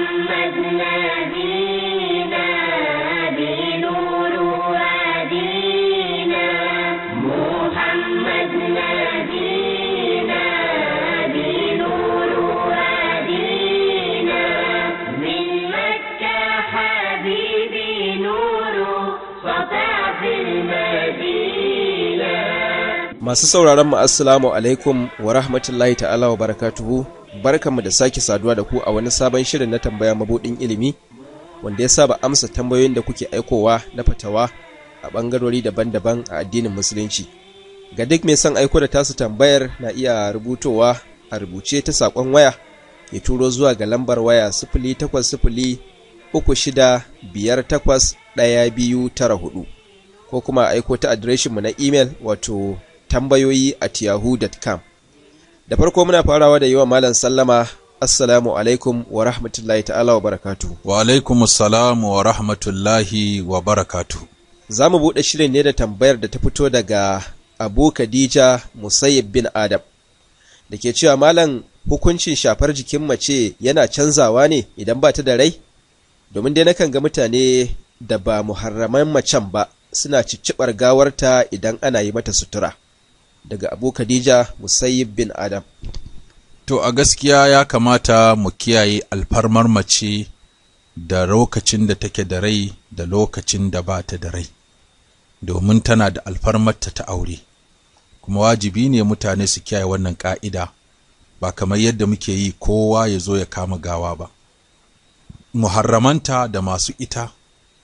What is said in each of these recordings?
محمد نبينا بنور هدينا محمد نبينا بنور هدينا من مكة حبيبي نور سطع في المدينة masu sauraron mu assalamu alaikum wa rahmatullahi ta'ala wa barkanmu da sake saduwa da ku a wani sabon shirin na tambaya mabudin ilimi wanda ya saba amsa tambayoyin da kuke aikowa na fatawa a bangarori daban-daban a addinin musulunci ga duk mai son aiko da tasu tambayar na iya rubutowa a rubuce ta saƙon waya ya turo zuwa ga lambar waya sifili takwas sifili uku shida biyar takwas ɗaya biyu tara hudu ko kuma aiko ta adireshinmu na imel wato tambayoyi at yahoo.com da farko muna farawa da yi wa malam sallama assalamu alaikum wa rahmatullahi ta'ala wa barakatu wa alaikum assalamu wa rahmatullahi wa barakatu za mu buɗe shirin ne da tambayar da ta fito daga abu khadija musayyib bin adam da ke cewa malam hukuncin shafar jikin mace yana canzawa ne idan ba ta da rai domin dai nakan ga mutane da ba muharraman macen ba suna cicciɓar gawarta idan ana yi mata sutura daga Abu Khadija Musayyib bin Adam. To a gaskiya ya kamata mu kiyaye alfarmar mace da lokacin da take da rai da lokacin da ba ta da rai, domin tana da alfarmar ta aure, kuma wajibi ne mutane su kiyaye wannan ƙa'ida ba kamar yadda muke yi kowa ya zo ya kama gawa ba. Muharramanta da masu ita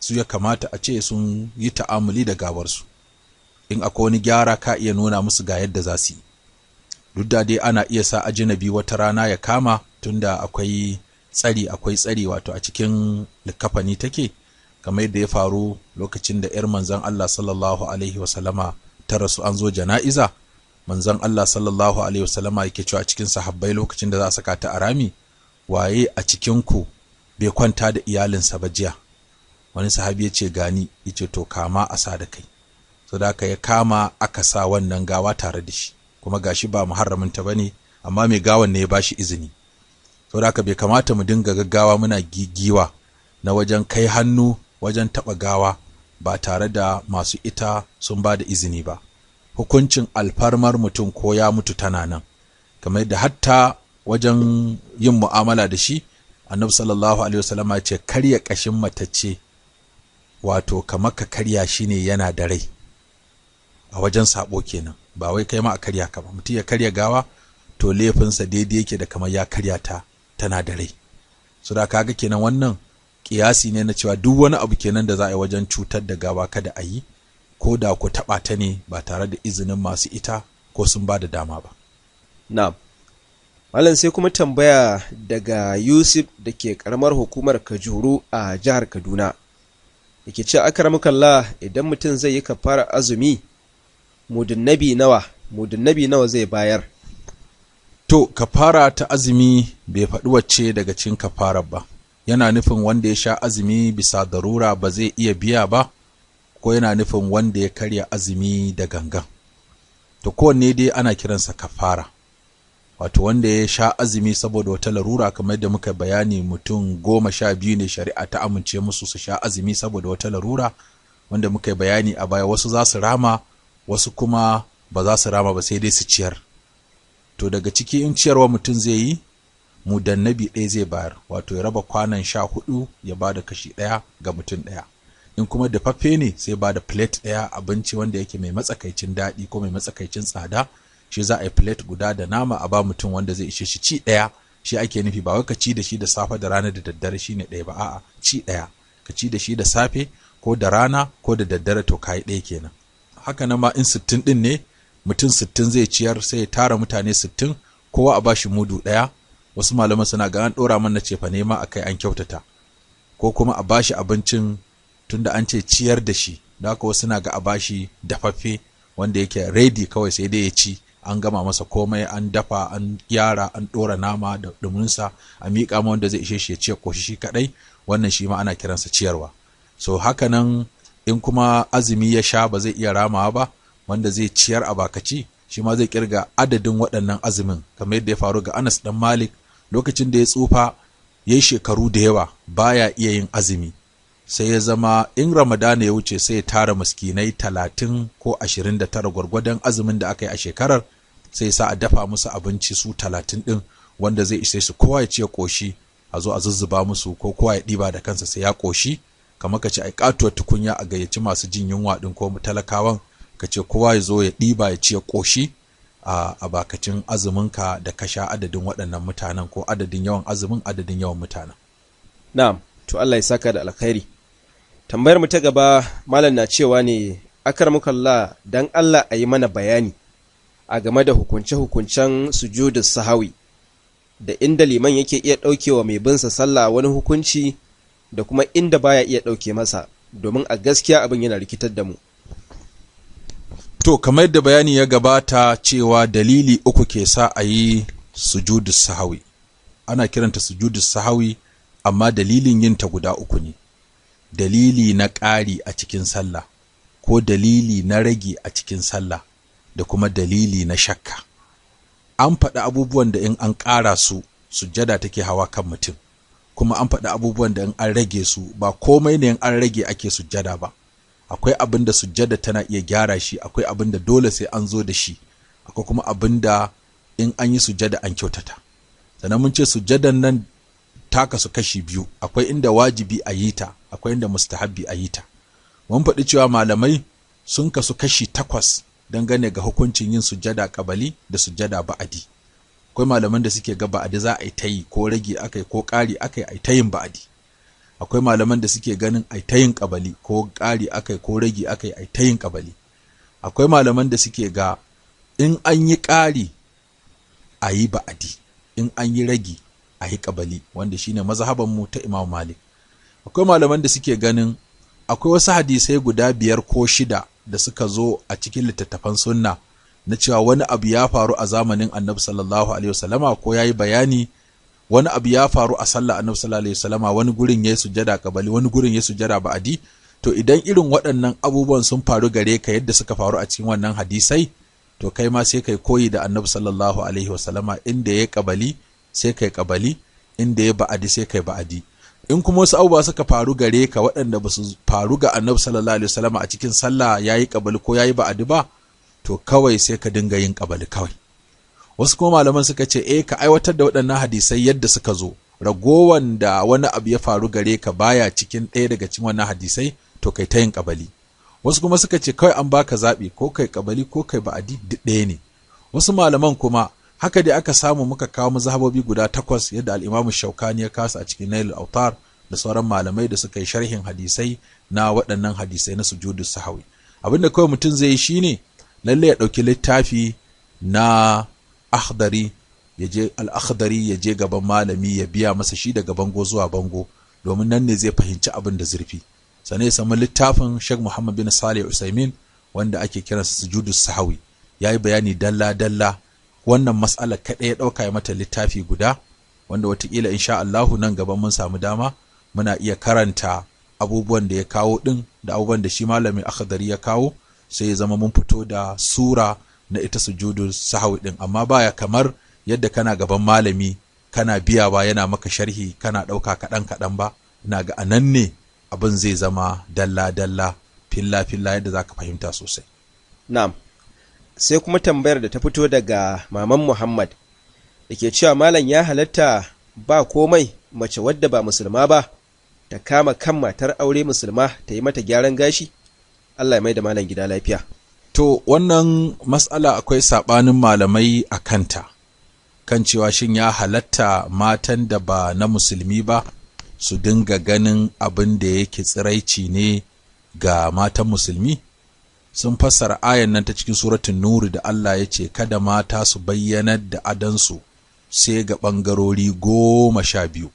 su ya kamata a ce sun yi ta'amuli da gawarsu. in akwai wani gyara ka iya nuna musu ga yadda za su yi duk da dai ana iya sa ajinabi wata rana ya kama tunda akwai tsari akwai tsari wato a cikin likafani take kamar yadda ya faru lokacin da 'yar manzan Allah sallallahu alaihi wasallama ta rasu an zo jana'iza manzan Allah sallallahu alaihi wasallama yake cewa cikin sahabbai lokacin da za a saka ta a rami waye a cikinku bai kwanta da iyalinsa ba jiya wani sahabi ya ce gani ya ce to kama a sa da kai so da ya kama aka sa wannan gawa tare da shi kuma gashi ba muharramin ta bane amma mai gawan ne ya bashi izini so da bai kamata mu dinga gaggawa muna gigiwa na wajen kai hannu wajen taba gawa ba tare da masu ita sun ba da izini ba hukuncin alfarmar mutum ko ya mutu tana nan kamar da hatta wajen yin mu'amala da shi annabi sallallahu alaihi wasallama ce karya kashin matacce wato kamar ka karya shine yana da rai a wajen sabo kenan ba wai kai ma a karya ka ba mutum ya karya gawa to laifinsa daidai yake da kamar ya karya ta tana da rai su da kaga kenan wannan kiyasi ne na cewa duk wani abu kenan da za a yi wajen cutar da gawa kada a yi ko da ku taɓa ta ne ba tare da izinin masu ita ko sun ba da dama ba. Na'am. Malam sai kuma tambaya daga Yusuf da ke karamar hukumar Kajuru a jihar Kaduna. Yake ce kalla idan mutum zai yi kafara azumi mudunnabi nawa mudunnabi nawa zai bayar to kafara ta azumi bai faɗi wacce daga cikin kafarar ba yana nufin wanda ya sha azumi bisa darura ba zai iya biya ba ko yana nufin wanda ya karya azumi da gangan to kowanne dai ana kiransa kafara wato wanda ya sha azumi saboda wata larura kamar da muka bayani mutum goma sha biyu ne shari'a ta amince musu su sha azumi saboda wata larura wanda muka bayani a baya wasu za su rama wasu kuma ba za su rama ba sai dai su ciyar to daga ciki in ciyarwa mutum zai yi mu dannabi ɗaya zai bayar wato ya raba kwanan sha hudu ya ba da kashi ɗaya ga mutum ɗaya in kuma dafaffe ne sai ba da plate ɗaya abinci wanda yake mai matsakaicin daɗi ko mai matsakaicin tsada shi za a yi plate guda da nama a ba mutum wanda zai ishe shi ci ɗaya shi ake nufi ba wai ka ci da shi da safe da rana da daddare shine ɗaya ba a'a ci ɗaya ka ci da shi da safe ko da rana ko da daddare to kayi ɗaya kenan haka nan ma in sittin ɗin ne mutum sittin zai ciyar sai ya tara mutane sittin kowa a bashi mudu ɗaya wasu malaman suna ga an ɗora mana cefa nema a kai an kyautata ko kuma a bashi abincin tunda an ce ciyar da shi da haka wasu na ga a bashi dafaffe wanda yake ready kawai sai dai ya ci an gama masa komai an dafa an gyara an ɗora nama da ɗuminsa a miƙa ma wanda zai ishe shi ya ciyar ko shi kaɗai wannan shi ma ana kiransa ciyarwa so hakanan. in kuma azumi ya sha ba zai iya ramawa ba wanda zai ciyar a bakaci shi ma zai kirga adadin waɗannan azumin kamar yadda ya faru ga Anas dan Malik lokacin da ya tsufa yayi shekaru da yawa baya iya yin azumi sai ya zama in Ramadana ya wuce sai ya tara miskinai talatin ko ashirin da tara gwargwadon azumin da aka yi a shekarar sai sa a dafa musu abinci su talatin ɗin wanda zai ishe su kowa ya ce koshi a zo a zuzzuba musu ko kowa ya ɗiba da kansa sai ya koshi? kamar ka ce ai katuwar tukunya a gayyaci masu jin yunwa din ko talakawan ka ce kowa ya zo ya ɗiba ya ci ya ƙoshi a bakacin azuminka da ka sha adadin waɗannan mutanen ko adadin yawan azumin adadin yawan mutanen. Na'am, to Allah ya saka da alkhairi. Tambayar mu ta gaba malam na cewa ne kalla dan Allah a yi mana bayani a game da hukunce-hukuncen sujudus sahawi da inda liman yake iya ɗaukewa mai binsa sallah wani hukunci da kuma inda baya iya ɗauke masa domin a gaskiya abin yana rikitar da mu to kamar yadda bayani ya gabata cewa dalili uku ke sa a yi sujudu sahawi ana kiranta sujudu sahawi amma dalilin yinta guda uku ne dalili na ƙari a cikin sallah ko dalili na rage a cikin sallah da kuma dalili na shakka an faɗi abubuwan da in an ƙara su sujada take hawa kan mutum kuma an faɗi abubuwan da in an rage su ba komai ne in an rage ake sujjada ba akwai abin da sujjada tana iya gyara shi akwai abin da dole sai an zo da shi akwai kuma abin da in an yi sujjada an kyautata sannan mun ce sujjadan nan taka su kashi biyu akwai inda wajibi a yi ta akwai inda mustahabbi a yi ta mun faɗi cewa malamai sun kasu kashi takwas dangane ga hukuncin yin sujjada kabali da sujjada ba'adi akwai malaman da suke ga ba'adi za a yi ta yi ko rage aka yi ko ƙari aka yi a ta yin ba'adi akwai malaman da suke ganin a yi ta yin ƙabali ko ƙari aka yi ko rage aka yi a ta yin ƙabali akwai malaman da suke ga in an yi ƙari a yi ba'adi in an yi rage a yi ƙabali wanda shine mu ta imam malik akwai malaman da suke ganin akwai wasu hadisai guda biyar ko shida da suka zo a cikin littattafan sunna na cewa wani abu ya faru a zamanin annabi sallallahu alaihi wasallama ko yayi bayani wani abu ya faru a sallah annabi sallallahu alaihi wasallama wani gurin yayi sujada kabali wani gurin yayi sujada ba'adi to idan irin waɗannan abubuwan sun faru gare ka yadda suka faru a cikin wannan hadisai to kai ma sai kai koyi da annabi sallallahu alaihi wasallama inda yayi kabali sai kai kabali inda yayi ba'adi sai kai ba'adi in kuma wasu abubuwa suka faru gare ka waɗanda ba su faru ga annabi sallallahu alaihi wasallama a cikin sallah yayi kabali ko yayi ba'adi ba to kawai sai ka dinga yin ƙabali kawai wasu kuma malaman suka ce e ka aiwatar da waɗannan hadisai yadda suka zo ragowan da wani abu ya faru gare ka baya cikin ɗaya daga cikin wannan hadisai to kai ta yin ƙabali. wasu kuma suka ce kawai an baka zaɓi ko kai ƙabali ko kai ba'adi duk ɗaya ne wasu malaman kuma haka dai aka samu muka kawo mazhabobi guda takwas yadda al'imamu shaukani ya kasa a cikin nailul autar da sauran malamai da suka yi sharhin hadisai na waɗannan hadisai na sujudu sahawi da kawai mutum zai yi shine lallai ya ɗauki littafi na akhdari ya je al'akhdari ya je gaban malami ya biya masa shi daga bango zuwa bango domin nan ne zai fahimci abin da zurfi sane ya samu littafin Sheikh Muhammad bin Salih Usaimin wanda ake kiransa sujudu sahawi ya yi bayani dalla dalla wannan matsalar kaɗai ya ɗauka ya mata littafi guda wanda watakila insha Allahu nan gaban mun samu dama muna iya karanta abubuwan da ya kawo ɗin da abubuwan da shi malamin akhdari ya kawo sai ya zama mun fito da sura na ita sujudu sahawi din amma baya kamar yadda kana gaban malami kana biya ba yana maka sharhi kana ɗauka kaɗan kaɗan ba na ga anan ne abin zai zama dalla dalla filla filla yadda za ka fahimta sosai na'am sai kuma tambayar da ta fito daga maman muhammad da ke cewa malam ya halatta ba komai mace wadda ba musulma ba ta kama kan matar aure musulma ta yi mata gyaran gashi Allah ya mai da malam gida lafiya to wannan matsala akwai saɓanin malamai a kanta kan cewa shin ya halatta matan da ba na musulmi ba su dinga ganin abin da yake tsiraici ne ga matan musulmi sun fassara ayan nan ta cikin suratun nuri da Allah ya ce kada mata su bayyanar da adansu sai ga ɓangarori goma sha biyu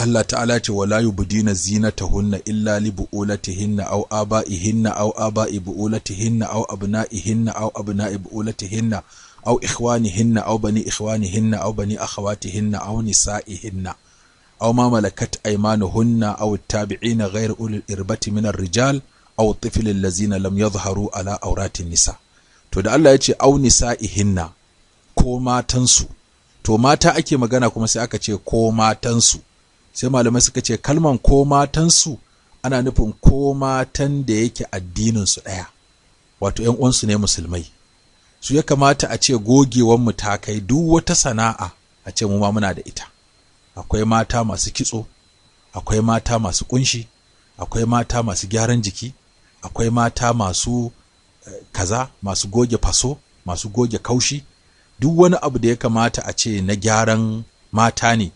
Allah ta'ala ce wala yubdina zinatahunna illa li bu'ulatihinna aw aba'ihinna aw aba'i bu'ulatihinna aw abna'ihinna aw abna'i bu'ulatihinna aw ikhwanihinna aw bani ikhwanihinna aw bani akhawatihinna aw nisa'ihinna aw ma malakat aymanuhunna aw at-tabi'ina ghayr ulil irbati min ar-rijal aw at lazina, allazina lam yadhharu ala awratin nisa to da Allah ya ce aw nisa'ihinna ko matansu to mata ake magana kuma sai aka ce ko matansu sai malamai suka ce kalman ko matansu ana nufin ko matan da yake addininsu ɗaya wato ‘yan uwansu ne musulmai su ya kamata a ce gogewan mu ta kai duk wata sana'a a ce mu ma muna da ita akwai mata masu kitso akwai mata masu kunshi akwai mata masu gyaran jiki akwai mata masu eh, kaza masu goge faso masu goge kaushi duk wani abu da ya kamata a ce na gyaran mata ne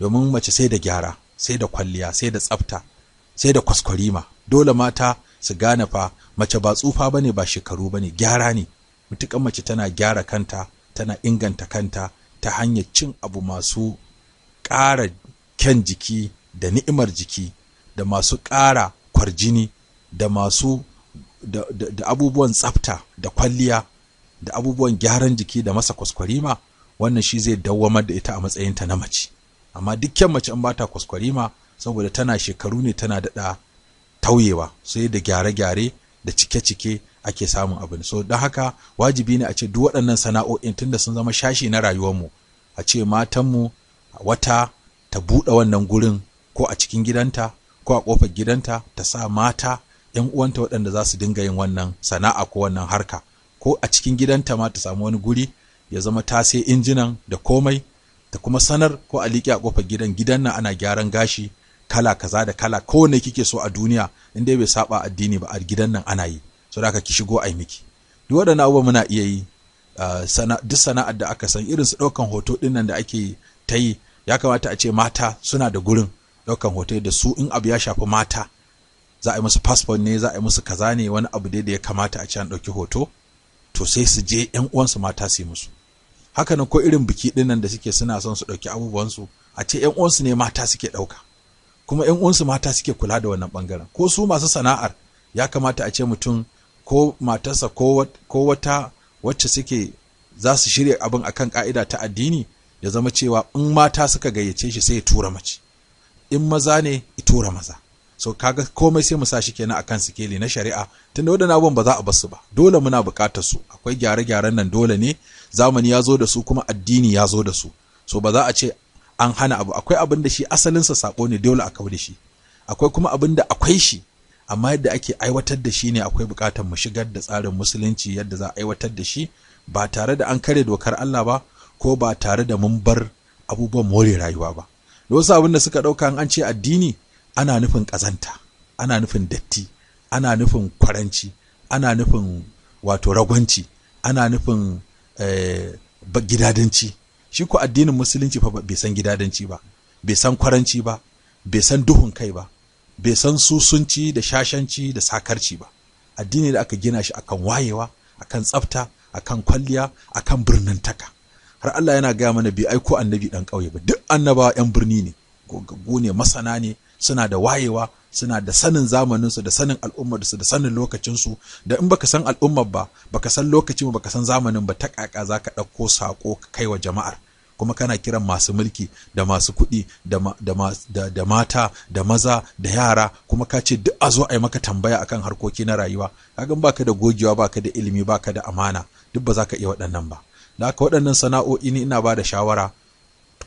domin mace sai da gyara sai da kwalliya sai da tsafta sai da kwaskwarima dole mata su gane fa mace ba tsufa ba ne, ba shekaru ba ne. gyara ne mutukan mace tana gyara kanta tana inganta kanta ta hanyar cin abu masu ƙara kyan jiki da ni'imar jiki da masu ƙara kwarjini da masu da abubuwan tsafta da kwalliya da abubuwan gyaran jiki da masa kwaskwarima wannan shi zai dawwamar da ita a matsayinta na mace amma dukkan mace in bata kwaskwarima saboda tana shekaru ne tana daɗa tauyewa sai da gyare-gyare da cike-cike ake samun abin so don haka wajibi ne a ce duk waɗannan sana'o'in tunda sun zama shashi na rayuwarmu a ce matanmu wata ta buɗe wannan gurin ko a cikin gidanta ko a ƙofar gidanta ta sa mata ‘yan uwanta waɗanda za su dinga yin wannan sana'a ko wannan harka ko a cikin gidanta ma ta samu wani guri ya zama ta sai injinan da komai ta kuma sanar ko a liƙe a ƙofar gidan gidan nan ana gyaran gashi kala kaza da kala kowane kike so a duniya in dai bai saba addini ba a gidan nan ana yi so da ki shigo ai miki duk waɗannan abubuwa muna iya yi duk sana'ar da aka san irin su ɗaukan hoto ɗin nan da ake ta yi ya kamata a ce mata suna da gurin ɗaukan hoto da su in abu ya shafi mata za a yi musu fasfon ne za a yi musu kaza ne wani abu dai da ya kamata a ce an ɗauki hoto to sai su je ƴan uwansu mata su yi musu haka nan ko irin biki nan da suke suna son su ɗauki su a ce ƴan uwansu ne mata suke ɗauka kuma ƴan uwansu mata suke kula da wannan ɓangaren ko su masu sana'ar ya kamata a ce mutum ko matarsa ko wata wacce suke za su shirya abin akan ka'ida ta addini ya zama cewa in mata suka gayyace shi sai ya tura mace in maza ne ya tura maza so kaga komai sai mu sa shi kenan akan sikeli na shari'a tunda wadannan abubuwan ba za a basu ba dole muna buƙatar su akwai gyare-gyaren nan dole ne zamani ya zo da su kuma addini ya zo da su so ba za a ce an hana abu akwai abin da shi asalinsa sako ne dole a kau da shi akwai kuma abin da akwai shi amma yadda ake aiwatar da shi ne akwai bukatar mu shigar da tsarin musulunci yadda za a aiwatar da shi ba tare da an kare dokar Allah ba ko ba tare da mun bar abubuwan more rayuwa ba wasu abin da suka ɗauka an ce addini ana nufin ƙazanta ana nufin datti ana nufin kwaranci ana nufin wato ragwanci ana nufin Eh, gidadanci shi ko addinin musulunci fa bai san gidadanci ba bai san kwaranci ba bai san duhun kai ba bai san susunci da shashanci da sakarci ba addini da aka gina shi akan wayewa akan tsafta akan kwalliya akan birnin taka har Allah yana gaya mana bai aiko annabi dan ƙauye ba duk annaba yan birni ne gogaggu ne masana ne suna da wayewa suna da sanin zamaninsu da sanin al'ummarsu da sanin lokacinsu da in baka san al'ummar ba baka san lokaci ba baka san zamanin ba ta kaka za ka ɗauko saƙo kai wa jama'ar kuma kana kiran masu mulki da masu kuɗi da, mata da maza da yara kuma ka ce duk a zo a yi maka tambaya akan harkoki na rayuwa kagan baka da gogewa baka da ilimi baka da amana duk ba za ka iya waɗannan ba da haka waɗannan sana'o'i ni ina ba da shawara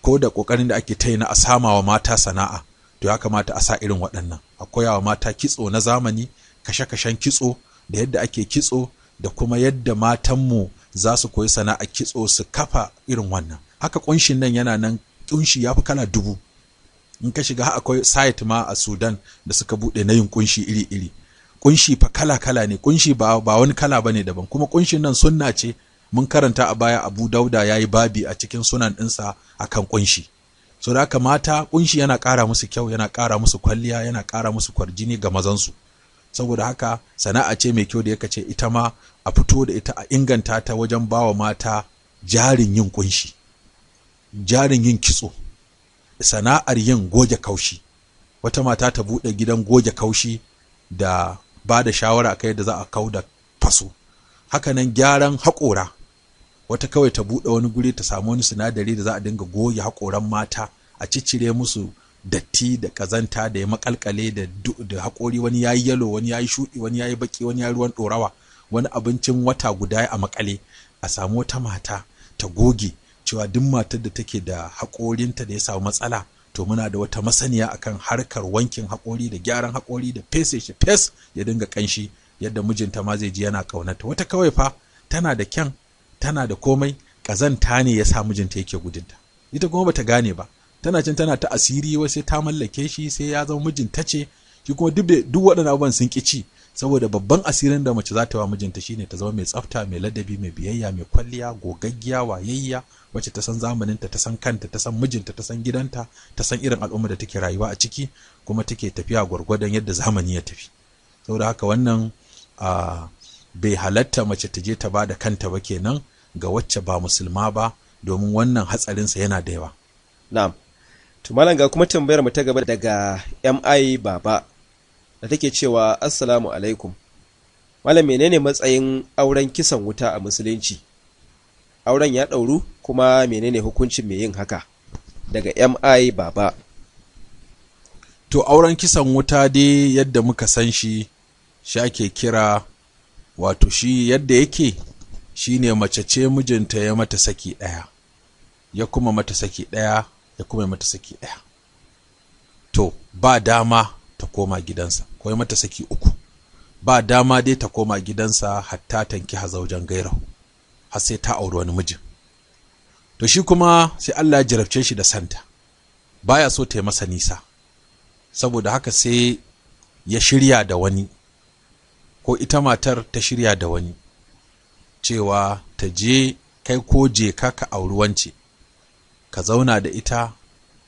ko da ƙoƙarin da ake ta yi na a samawa mata sana'a to ya kamata a sa irin waɗannan a koyawa mata kitso na zamani kashe-kashen kitso da yadda ake kitso da kuma yadda matanmu za su koyi sana'a kitso su kafa irin wannan haka kunshin nan yana nan kunshi ya fi kala dubu in ka shiga akwai site ma a sudan da suka buɗe na yin kunshi iri-iri kunshi fa kala-kala ne kunshi ba, wani kala ba ne daban kuma kunshin nan sunna ce mun karanta a baya abu dauda ya yi babi a cikin sunan ɗinsa akan kunshi so da mata kunshi yana ƙara musu kyau yana ƙara musu kwalliya yana ƙara musu kwarjini ga mazansu saboda haka sana'a ce mai kyau da yaka ce ita ma a fito da ita a inganta ta wajen bawa mata jarin yin kunshi jarin yin kitso sana'ar yin goge kaushi wata mata ta buɗe gidan goge kaushi da ba da shawara kai da za a kau da faso nan, gyaran haƙora wata kawai ta buɗe wani guri ta samu wani sinadari da za a dinga goge haƙoran mata a ciccire musu datti da ƙazanta da ya makalkale da da haƙori wani yayi yalo wani yayi shuɗi wani yayi baki wani yayi ruwan ɗorawa wani abincin wata guda a makale a samu wata mata ta goge cewa duk matar da take da haƙorinta da ya samu matsala to muna da wata masaniya akan harkar wankin haƙori da gyaran haƙori da fese shi fes ya dinga ƙanshi yadda mijinta ma zai ji yana ƙaunata wata kawai fa tana da kyan tana da komai ƙazanta ne ya sa mijinta yake gudunta ita kuma bata gane ba tana cin tana ta asiri wai sai ta mallake shi sai ya zama mijinta ce shi kuma duk duk waɗannan abubuwan sun ƙici saboda babban asirin da mace za ta wa mijinta shine ta zama mai tsafta mai ladabi mai biyayya mai kwalliya gogaggiya wayayya wacce ta san zamaninta ta san kanta ta san mijinta ta san gidanta ta san irin al'umma da take rayuwa a ciki kuma take tafiya gwargwadon yadda zamani ya tafi saboda haka wannan a ah, bai halatta mace ta je ta ba da kanta ba kenan ga wacce ba musulma ba domin wannan hatsarinsa yana da yawa. Na'am. Tumalan ga kuma tambayar mu ta gaba daga MI Baba da take cewa Assalamu alaikum. Malam menene matsayin auren kisan wuta a musulunci? Auren ya ɗauru kuma menene hukuncin mai yin haka? Daga MI Baba. To auren kisan wuta dai yadda muka san shi, shi ake kira wato shi yadda yake shine mace ce mijinta ya mata saki ɗaya ya kuma mata saki ɗaya ya kuma mata saki ɗaya to ba dama ta koma gidansa ko ya mata saki uku ba dama dai ta koma gidansa hatta tanki hazaujen gairau har sai ta auri wani mijin to shi kuma sai Allah ya jarabce shi da santa baya so ta yi masa nisa saboda haka sai ya shirya da wani ko ita matar ta shirya da wani cewa ta je kai ko je ka ka auri wance ka zauna da ita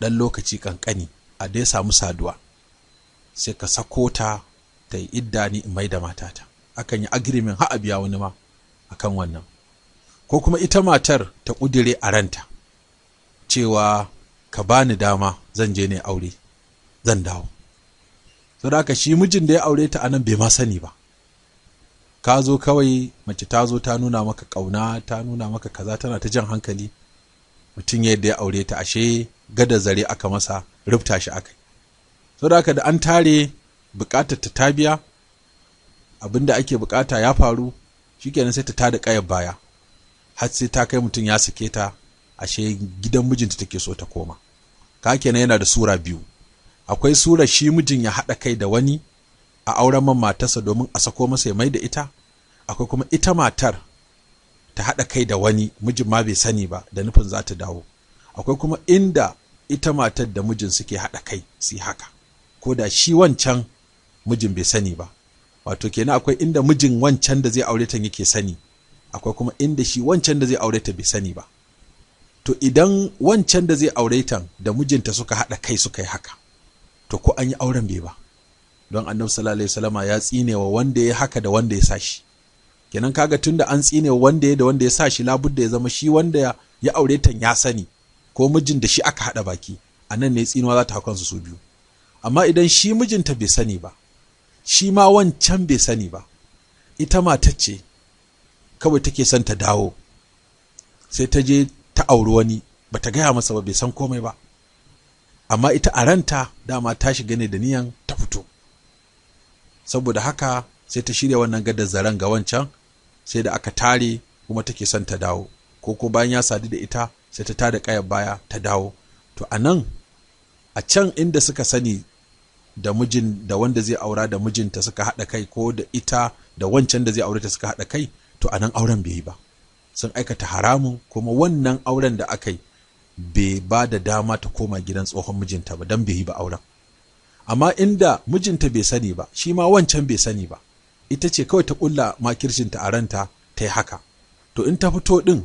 ɗan lokaci ƙanƙani a dai samu saduwa sai ka sako ta ta yi idda ni in mai da matata akan yi agirimin ha'a biya wani ma akan wannan ko kuma ita matar ta ƙudire a ranta cewa ka bani dama zan je ne aure zan dawo saboda haka shi mijin da ya aure ta anan bai ma sani ba ka zo kawai mace ta zo ta nuna maka ƙauna ta nuna maka kaza tana ta jan hankali mutum yadda ya aure ta ashe gada zare aka masa rubta shi aka yi. haka da an tare bukatar ta ta biya abin da ake bukata ya faru shi shikenan sai ta tada kayan baya har sai ta kai mutum ya sake ta ashe gidan mijinta take so ta koma ka kenan yana da sura biyu akwai sura shi mijin ya haɗa kai da wani a auren man matarsa domin a sako masa ya mai da ita akwai kuma ita matar ta haɗa kai da wani mijin ma bai sani ba da nufin za ta dawo akwai kuma inda ita matar da mijin suke haɗa kai su haka ko da shi wancan mijin bai sani ba wato kenan akwai inda mijin wancan da zai aure ta yake sani akwai kuma inda shi wancan da zai aure ta bai sani ba to idan wancan da zai aure ta da mijinta suka haɗa kai suka yi haka to ko an yi auren bai ba don annabi sallallahu alaihi wasallama ya tsinewa wanda ya haka da wanda ya sashi kenan kaga tunda an tsinewa wanda ya da wanda ya sashi labudda ya zama shi wanda ya aure ta ya sani ko mijin da shi aka hada baki a nan ne tsinuwa za ta hakan su biyu amma idan shi mijinta bai sani ba shi ma wancan bai sani ba ita matar ce kawai take son ta dawo sai ta je ta auri wani bata gaya masa ba bai san komai ba amma ita a ranta dama ta shiga ne da niyan ta fito saboda haka sai ta shirya wannan gadar zaren ga wancan sai da aka tare kuma take son ta dawo ko ko bayan ya sadu da ita sai ta tare kayan baya ta dawo to a nan a can inda suka sani da mijin da wanda zai aura da mijinta suka haɗa kai ko da ita da wancan da zai aure ta suka haɗa kai to a nan auren bai yi ba sun aikata haramun kuma wannan auren da aka yi bai ba da dama ta koma gidan tsohon mijinta ba don bai yi ba auren amma inda mijinta bai sani ba shi ma wancan bai sani ba ita ce kawai ta ƙulla makircinta a ranta ta yi haka to in ta fito ɗin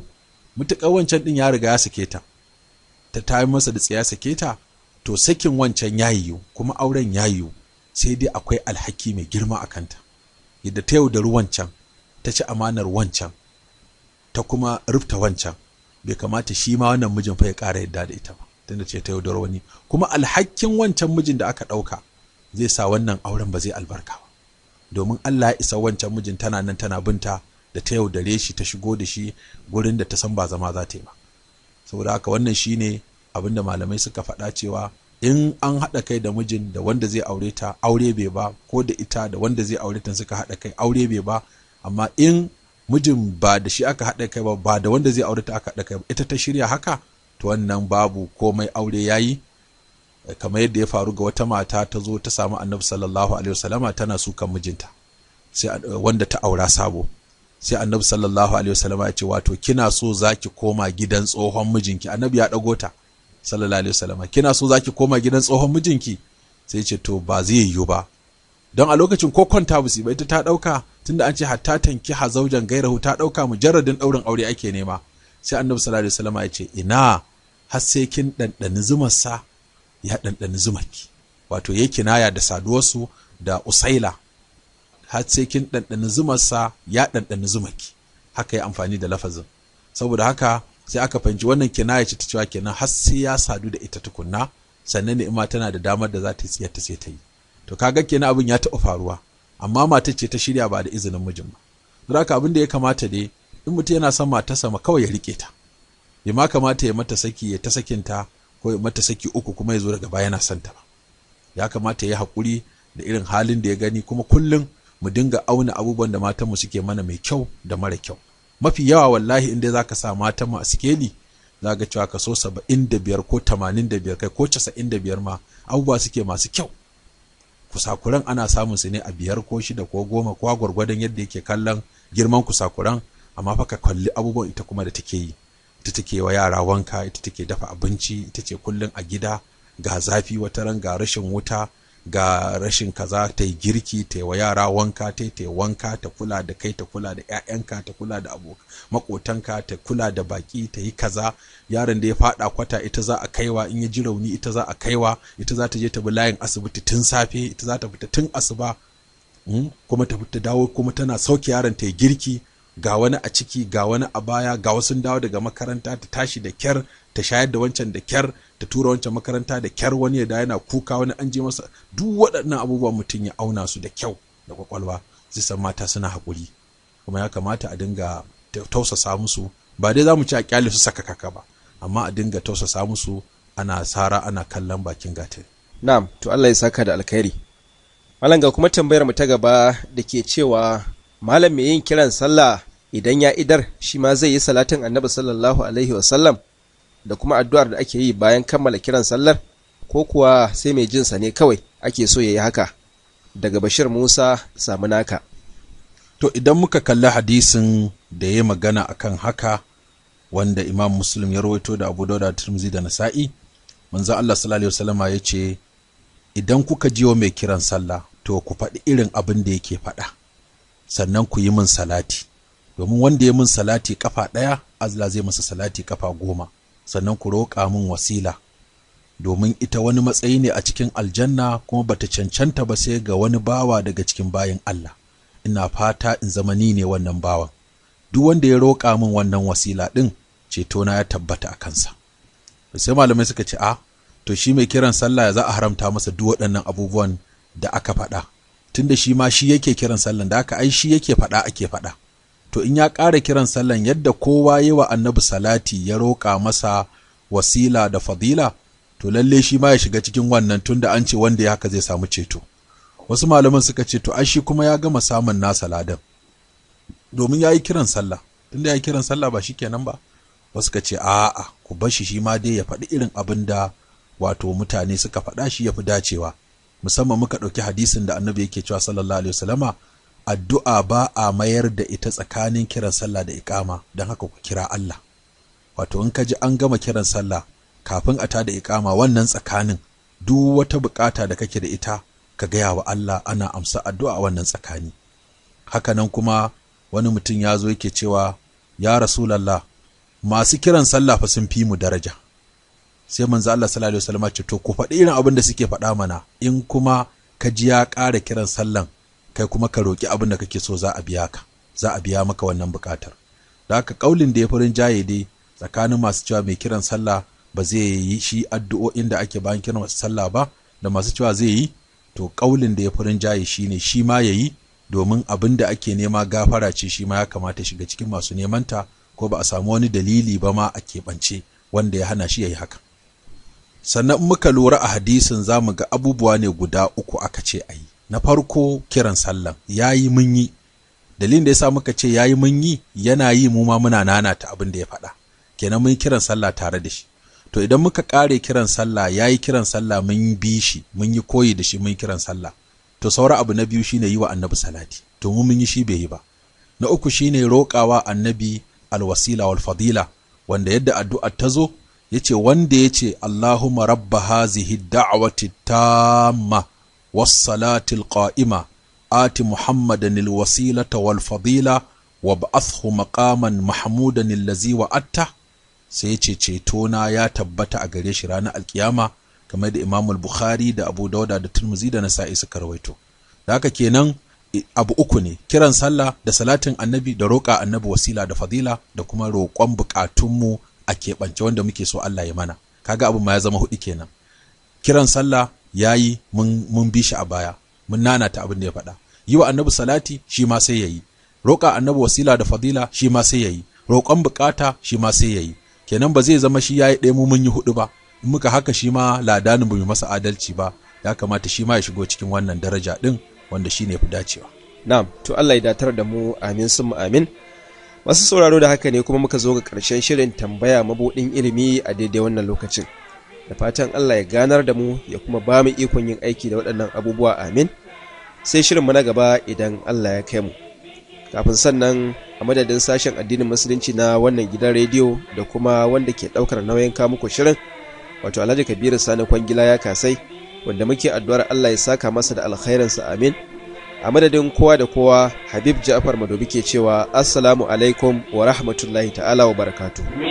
mutuƙar wancan ɗin ya riga ya sake ta ta tayi masa da tsiya sake ta to sakin wancan ya yiwu kuma auren ya yiwu sai dai akwai alhaki mai girma a kanta yadda ta yaudari wancan ta ci amanar wancan ta kuma rufta wancan bai kamata shi ma wannan mijin fa ya ƙara yadda da ita ba tunda ce ta yaudar wani kuma alhakin wancan mijin da aka ɗauka zai sa wannan auren ba zai albarka ba domin Allah ya isa wancan mijin tana nan tana binta da ta yaudare shi ta shigo da shi gurin da ta san ba zama za ta yi ba saboda haka wannan shine abin da malamai suka faɗa cewa in an haɗa kai da mijin da wanda zai aure ta aure bai ba ko da ita da wanda zai aure ta suka haɗa kai aure bai ba amma in mijin ba da shi aka haɗa kai ba ba da wanda zai aure ta aka haɗa kai ba ita ta shirya haka to wannan babu komai aure ya yi, eh, kamar yadda ya faru ga wata mata ta zo ta samu annabi sallallahu alaihi wasallama tana sukan mijinta sai wanda ta aura sabo sai annabi sallallahu alaihi wasallama ya ce wato kina so zaki koma gidan tsohon mijinki annabi ya dago ta sallallahu alaihi wasallama kina so zaki koma gidan tsohon mijinki sai ce to ba zai yiwu ba don a lokacin ko kwanta busi ba ita ta dauka tunda an ce hatta tanki zaujan gairahu ta dauka mujarradin daurin aure ake nema sai annabi sallallahu alaihi wasallama ya ce ina har sai kin ɗanɗani zumarsa ya ɗanɗani zumarki wato ya kinaya da saduwarsu da usaila har sai kin ɗanɗani zumarsa ya ɗanɗani zumarki haka ya amfani da lafazin saboda haka sai aka fahimci wannan kinaya ce ta cewa kenan har sai ya sadu da ita tukunna sannan ne ima tana da damar da za ta tsiyar ta sai ta yi to kaga kenan abin ya taɓa faruwa amma matar ce ta shirya ba da izinin mijin ba don haka abin da ya kamata dai in mutum yana son matarsa ma kawai ya riƙe ta ya ma kamata ya mata saki ya ta sakinta ko ya mata saki uku kuma ya zo daga baya yana son ta ya kamata ya haƙuri da irin halin da ya gani kuma kullum mu dinga auna abubuwan da matanmu suke mana mai kyau da mara kyau mafi yawa wallahi in dai zaka sa matanmu a sikeli za ga cewa kaso saba'in da biyar ko tamanin da biyar kai ko casa'in da biyar ma abubuwa suke masu kyau kusakuran ana samun su ne a biyar ko shida ko goma ko gwargwadon yadda yake kallon girman kusakuran amma fa ka kalli abubuwan ita kuma da take yi ita take wa yara wanka ita take dafa abinci ita ce kullum a gida ga zafi wata ga rashin wuta ga rashin kaza ta yi girki ta yi wa yara wanka ta yi wanka ta kula da kai ta kula da 'ya'yanka ta kula da abokan makotanka ta kula da baki ta yi kaza yaron da ya fada kwata ita za a kaiwa in ya ji rauni ita za a kaiwa ita za ta je ta bi layin asibiti tun safe ita za ta fita tun asuba hmm, kuma ta fita dawo kuma tana sauke yaron ta yi girki ga wani a ciki ga wani a baya ga wasu dawo daga makaranta ta tashi da kyar ta shayar da wancan da kyar ta tura wancan makaranta da kyar wani ya da yana kuka wani an je masa duk waɗannan abubuwan mutum ya auna su da kyau da kwakwalwa zai san mata suna hakuri. kuma ya kamata a dinga tausasa musu ba dai za mu ci a kyale su saka kaka ba amma a dinga tausasa musu ana sara ana kallon bakin gatin na'am to Allah ya saka da alkhairi malam kuma tambayar mu ta gaba da ke cewa malam mai yin kiran sallah idan ya idar shi ma zai yi salatin annabi sallallahu alaihi wasallam da kuma addu'ar da ake yi bayan kammala kiran sallar ko kuwa sai mai jinsa ne kawai ake so ya yi haka daga bashir musa samu naka to idan muka kalli hadisin da ya magana akan haka wanda imam muslim ya rawaito da abu dauda turmzi da nasa'i manzo allah sallallahu alaihi ya ce idan kuka wa mai kiran sallah to ku faɗi irin abin da yake faɗa sannan ku yi min salati domin wanda ya min salati kafa ɗaya Allah zai masa salati kafa goma sannan ku roƙa min wasila domin ita wani matsayi ne a cikin aljanna kuma bata cancanta ba sai ga wani bawa daga cikin bayan Allah ina fata in zama ni ne wannan bawan duk wanda ya roƙa min wannan wasila ɗin na ya tabbata a kansa sai malamai suka ce a ah, to shi mai kiran sallah ya za a haramta masa duk waɗannan abubuwan da aka faɗa tunda shi ma shi yake kiran sallan da aka ai shi yake faɗa ake faɗa to in ya ƙara kiran sallan yadda kowa yi wa annabi salati ya roƙa masa wasila da fadila to lalle shi ma ya shiga cikin wannan tunda an ce wanda ya haka zai samu ceto wasu malaman suka ce to shi kuma ya gama samun nasa ladan domin ya yi kiran sallah tunda ya yi kiran sallah ba shi kenan ba wasu ka ce a'a ku bar shi shi ma dai ya faɗi irin abin da wato mutane suka faɗa shi ya fi dacewa musamman muka ɗauki hadisin da annabi yake cewa sallallahu alaihi wasallama addu'a ba a mayar da ita tsakanin kiran sallah da ikama don haka ku kira Allah wato in ka ji an gama kiran sallah kafin a ta da ikama wannan tsakanin duk wata bukata da kake da ita ka gaya wa Allah ana amsa addu'a wannan tsakani hakanan kuma wani mutum ya zo yake cewa ya rasulallah masu kiran sallah fa sun fi mu daraja sai manzo Allah sallallahu alaihi wasallam ce to ku faɗi irin abin da suke faɗa mana in kuma ka ji ya ƙara kiran sallan kai kuma ka roƙi abin da kake so za a biya ka za a biya maka wannan buƙatar da haka ƙaulin da ya farin jaye dai tsakanin masu cewa mai kiran sallah ba zai yi shi addu'o'in da ake bayan kiran sallah ba da masu cewa zai yi to ƙaulin da ya farin jaye shi ne shi ma ya yi domin abin da ake nema gafara ce shi ma ya kamata shiga cikin masu nemanta ko ba a samu wani dalili ba ma a keɓance wanda ya hana shi ya yi haka sannan muka lura a hadisin za mu ga abubuwa ne guda uku aka ce a yi na farko kiran sallan ya yi mun yi dalilin da ya sa muka ce ya yi mun yi yana yi mu ma muna nana ta abin da ya faɗa kenan mun kiran sallah tare da shi to idan muka ƙare kiran sallah ya yi kiran sallah mun bi shi mun yi koyi da shi mun kiran sallah to saura abu na biyu shine yi wa annabi salati to mu mun yi shi bai yi ba na uku shine roƙawa annabi alwasila wal fadila wanda yadda addu'ar ta zo yace wanda yace Allahumma rabba hazihi da'wati tamma wassalatil qa'ima ati Muhammad alwasilata wal fadila wa ba'athu maqaman mahmudan allazi wa'atta sai ce ceto na ya tabbata a gare shi ranar alkiyama kamar da Imam Bukhari da Abu Dauda da Tirmidhi da Nasa'i suka rawaito da haka kenan abu uku ne kiran sallah da salatin annabi da roƙa annabi wasila da fadila da kuma roƙon buƙatunmu a keɓance wanda muke so Allah ya mana kaga abu ma ya zama hudu kenan kiran sallah ya yi mun bi shi a baya mun nanata abin da ya faɗa yi wa annabi salati shi ma sai ya yi roƙa annabi wasila da fadila shi ma sai ya yi roƙon buƙata shi ma sai ya yi kenan ba zai zama shi ya yi ɗaya mu mun yi huɗu ba in muka haka shi ma ladanin ba masa adalci ba ya kamata shi ma ya shigo cikin wannan daraja ɗin wanda shi ne fi dacewa. Na'am, to Allah ya datar da mu amin sun amin. Masu sauraro da haka ne kuma muka zo ga ƙarshen shirin tambaya mabuɗin ilimi a daidai wannan lokacin. da fatan Allah ya ganar da mu ya kuma ba mu ikon yin aiki da waɗannan abubuwa amin sai shirinmu na gaba idan Allah ya kai mu kafin sannan a madadin sashen addinin musulunci na wannan gidan rediyo da kuma wanda ke ɗaukar nauyin muku shirin wato alhaji kabiru sani kwangila ya kasai wanda muke addu'ar Allah ya saka masa da alkhairinsa amin a madadin kowa da kowa habib ja'far madobi ke cewa assalamu alaikum wa rahmatullahi ta'ala wa barakatuh